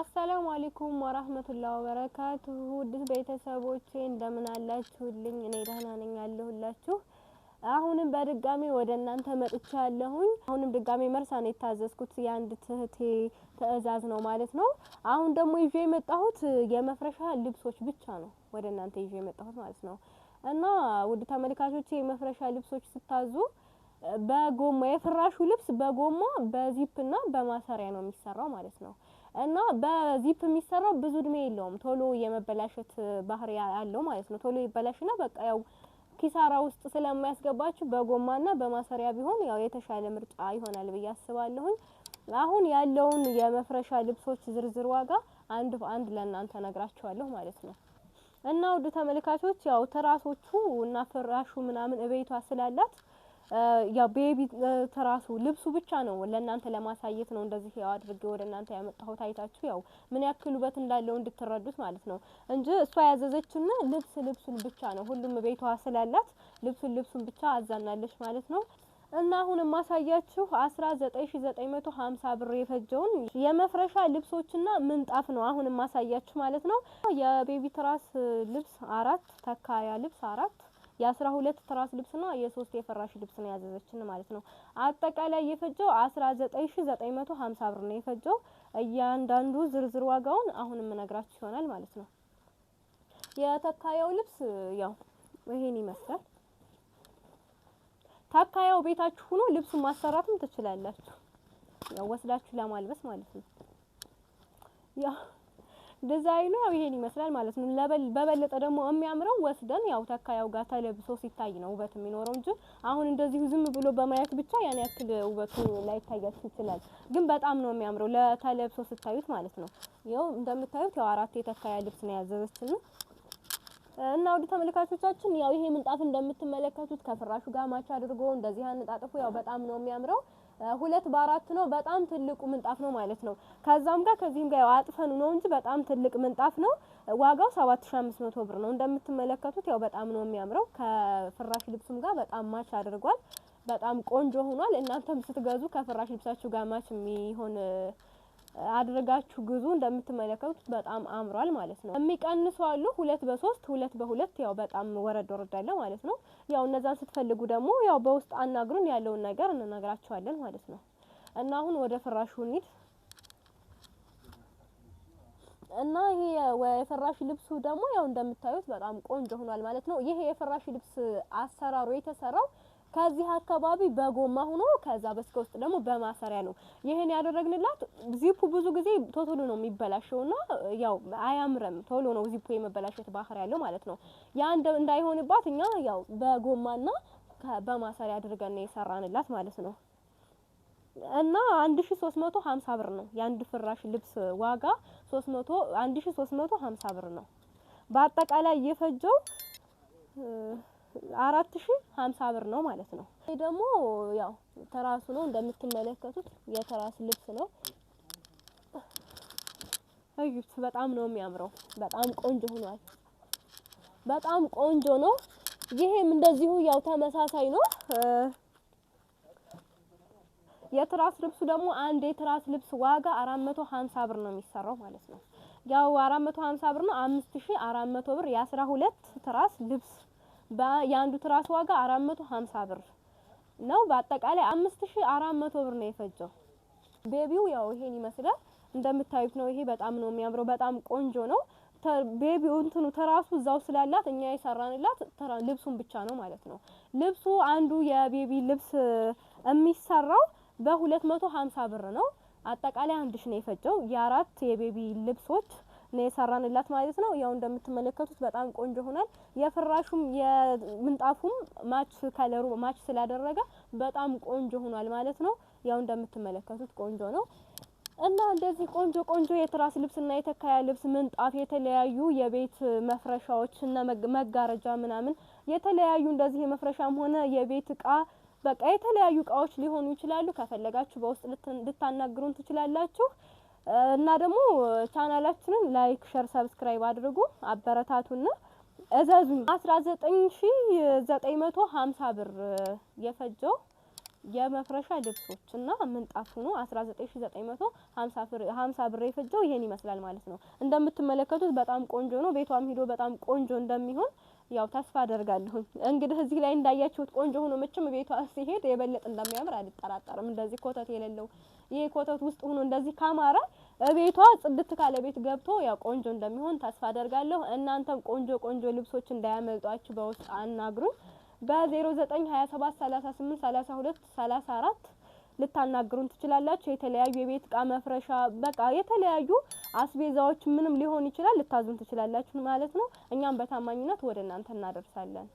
አሰላሙ አለይኩም ወራህመቱላሂ ወበረካቱሁ ውድ ቤተሰቦቼ እንደምን አላችሁልኝ? እኔ ደህና ነኝ አለሁላችሁ። አሁንም በድጋሚ ወደ እናንተ መጥቻለሁኝ። አሁንም ድጋሚ መርሳ ነው የታዘዝኩት የአንድ ትህቴ ትእዛዝ ነው ማለት ነው። አሁን ደግሞ ይዤ የመጣሁት የመፍረሻ ልብሶች ብቻ ነው ወደ እናንተ ይዤ የመጣሁት ማለት ነው። እና ውድ ተመልካቾች የመፍረሻ ልብሶች ስታዙ በጎማ የፍራሹ ልብስ በጎማ በዚፕ እና በማሰሪያ ነው የሚሰራው ማለት ነው። እና በዚፕ የሚሰራው ብዙ እድሜ የለውም። ቶሎ የመበላሸት ባህሪ አለው ማለት ነው። ቶሎ ይበላሽና በቃ ያው ኪሳራ ውስጥ ስለማያስገባችሁ በጎማና በማሰሪያ ቢሆን ያው የተሻለ ምርጫ ይሆናል ብዬ አስባለሁኝ። አሁን ያለውን የመፍረሻ ልብሶች ዝርዝር ዋጋ አንድ በአንድ ለእናንተ ነግራችኋለሁ ማለት ነው። እና ውድ ተመልካቾች ያው ትራሶቹ እና ፍራሹ ምናምን እቤቷ ስላላት ያው ቤቢ ትራሱ ልብሱ ብቻ ነው ለእናንተ ለማሳየት ነው እንደዚህ ያው አድርጌ ወደ እናንተ ያመጣሁት። አይታችሁ ያው ምን ያክል ውበት እንዳለው እንድትረዱት ማለት ነው እንጂ እሷ ያዘዘችን ልብስ ልብሱን ብቻ ነው። ሁሉም ቤቷ ስላላት ልብሱን ልብሱን ብቻ አዛናለች ማለት ነው። እና አሁን የማሳያችሁ አስራ ዘጠኝ ሺ ዘጠኝ መቶ ሀምሳ ብር የፈጀውን የመፍረሻ ልብሶችና ምንጣፍ ነው አሁን የማሳያችሁ ማለት ነው። የቤቢ ትራስ ልብስ አራት ተካያ ልብስ አራት የአስራ ሁለት ትራስ ልብስና የሶስት የፈራሽ ልብስ ነው ያዘዘችን ማለት ነው። አጠቃላይ የፈጀው አስራ ዘጠኝ ሺ ዘጠኝ መቶ ሀምሳ ብር ነው የፈጀው። እያንዳንዱ ዝርዝር ዋጋውን አሁን የምነግራችሁ ይሆናል ማለት ነው። የተካያው ልብስ ያው ይሄን ይመስላል። ታካያው ቤታችሁ ሆኖ ልብሱን ማሰራትም ትችላላችሁ፣ ያው ወስዳችሁ ለማልበስ ማለት ነው። ዲዛይኑ ያው ይሄን ይመስላል ማለት ነው። በበለጠ ደግሞ የሚያምረው ወስደን ያው ተካያው ጋር ተለብሶ ሲታይ ነው ውበት የሚኖረው እንጂ አሁን እንደዚሁ ዝም ብሎ በማየት ብቻ ያን ያክል ውበቱ ላይታያችሁ ይችላል። ግን በጣም ነው የሚያምረው ለተለብሶ ስታዩት ማለት ነው። ያው እንደምታዩት ያው አራት የተካያ ልብስ ነው ያዘዘችን እና ውድ ተመልካቾቻችን ያው ይሄ ምንጣፍ እንደምትመለከቱት ከፍራሹ ጋር ማች አድርጎ እንደዚህ አንጣጥፉ ያው በጣም ነው የሚያምረው። ሁለት በአራት ነው። በጣም ትልቁ ምንጣፍ ነው ማለት ነው። ከዛም ጋር ከዚህም ጋር አጥፈን ነው እንጂ በጣም ትልቅ ምንጣፍ ነው። ዋጋው 7500 ብር ነው። እንደምትመለከቱት ያው በጣም ነው የሚያምረው። ከፍራሽ ልብሱም ጋር በጣም ማች አድርጓል። በጣም ቆንጆ ሆኗል። እናንተም ስትገዙ ከፍራሽ ልብሳችሁ ጋር ማች የሚሆን አድርጋችሁ ግዙ። እንደምትመለከቱት በጣም አምሯል ማለት ነው። የሚቀንሱ አሉ ሁለት በሶስት ሁለት በሁለት ያው በጣም ወረድ ወረድ አለ ማለት ነው። ያው እነዛን ስትፈልጉ ደግሞ ያው በውስጥ አናግሩን ያለውን ነገር እንነግራችኋለን ማለት ነው። እና አሁን ወደ ፍራሹ እንሂድ እና ይሄ የፍራሽ ልብሱ ደግሞ ያው እንደምታዩት በጣም ቆንጆ ሆኗል ማለት ነው። ይሄ የፍራሽ ልብስ አሰራሩ የተሰራው ከዚህ አካባቢ በጎማ ሆኖ ከዛ በስከ ውስጥ ደግሞ በማሰሪያ ነው። ይህን ያደረግንላት ዚፑ ብዙ ጊዜ ቶቶሎ ነው የሚበላሸውና ያው አያምረም። ቶሎ ነው ዚፑ የመበላሸት ባህር ያለው ማለት ነው። ያ እንዳይሆንባት እኛ ያው በጎማና በማሰሪያ አድርገን ነው የሰራንላት ማለት ነው። እና 1350 ብር ነው የአንድ ፍራሽ ልብስ ዋጋ 300 1350 ብር ነው በአጠቃላይ የፈጀው አራት ሺ ሀምሳ ብር ነው ማለት ነው። ይህ ደግሞ ያው ተራሱ ነው እንደምትመለከቱት የተራስ ልብስ ነው። እዩት፣ በጣም ነው የሚያምረው። በጣም ቆንጆ ሆኗል። በጣም ቆንጆ ነው። ይሄም እንደዚሁ ያው ተመሳሳይ ነው። የትራስ ልብሱ ደግሞ አንድ የትራስ ልብስ ዋጋ 450 ብር ነው የሚሰራው ማለት ነው። ያው 450 ብር ነው 5400 ብር የ12 ትራስ ልብስ የአንዱ ትራስ ዋጋ 450 ብር ነው። በአጠቃላይ 5400 ብር ነው የፈጀው። ቤቢው ያው ይሄን ይመስላል እንደምታዩት ነው። ይሄ በጣም ነው የሚያምረው። በጣም ቆንጆ ነው። ቤቢው እንትኑ ትራሱ እዛው ስላላት እኛ የሰራንላት ልብሱን ብቻ ነው ማለት ነው። ልብሱ አንዱ የቤቢ ልብስ የሚሰራው በ250 ብር ነው። አጠቃላይ አንድ ሺ ነው የፈጀው የአራት የቤቢ ልብሶች ነው የሰራንላት ማለት ነው። ያው እንደምትመለከቱት በጣም ቆንጆ ሆናል። የፍራሹም የምንጣፉም ማች ከለሩ ማች ስላደረገ በጣም ቆንጆ ሆኗል ማለት ነው። ያው እንደምትመለከቱት ቆንጆ ነው። እና እንደዚህ ቆንጆ ቆንጆ የትራስ ልብስ እና የተካያ ልብስ ምንጣፍ፣ የተለያዩ የቤት መፍረሻዎች እና መጋረጃ ምናምን የተለያዩ እንደዚህ የመፍረሻም ሆነ የቤት እቃ በቃ የተለያዩ እቃዎች ሊሆኑ ይችላሉ። ከፈለጋችሁ በውስጥ ልታናግሩን ትችላላችሁ። እና ደግሞ ቻናላችንን ላይክ፣ ሸር፣ ሰብስክራይብ አድርጉ አበረታቱና እዘዙኝ። አስራ ዘጠኝ ሺ ዘጠኝ መቶ ሀምሳ ብር የፈጀው የመፍረሻ ልብሶች እና ምንጣፍ ነው። 19950 ብር የፈጀው ይሄን ይመስላል ማለት ነው። እንደምትመለከቱት በጣም ቆንጆ ነው። ቤቷም ሂዶ በጣም ቆንጆ እንደሚሆን ያው ተስፋ አደርጋለሁ እንግዲህ እዚህ ላይ እንዳያችሁት ቆንጆ ሆኖ መቼም ቤቷ ሲሄድ የበለጠ እንደሚያምር አልጠራጠርም። እንደዚህ ኮተት የሌለው ይሄ ኮተት ውስጥ ሆኖ እንደዚህ ካማረ ቤቷ ጽድት ካለ ቤት ገብቶ ያው ቆንጆ እንደሚሆን ተስፋ አደርጋለሁ። እናንተም ቆንጆ ቆንጆ ልብሶች እንዳያመልጧችሁ በውስጥ አናግሩ በ0927 32 34 ልታናግሩን ትችላላችሁ። የተለያዩ የቤት እቃ መፍረሻ፣ በቃ የተለያዩ አስቤዛዎች ምንም ሊሆን ይችላል ልታዙን ትችላላችሁ ማለት ነው። እኛም በታማኝነት ወደ እናንተ እናደርሳለን።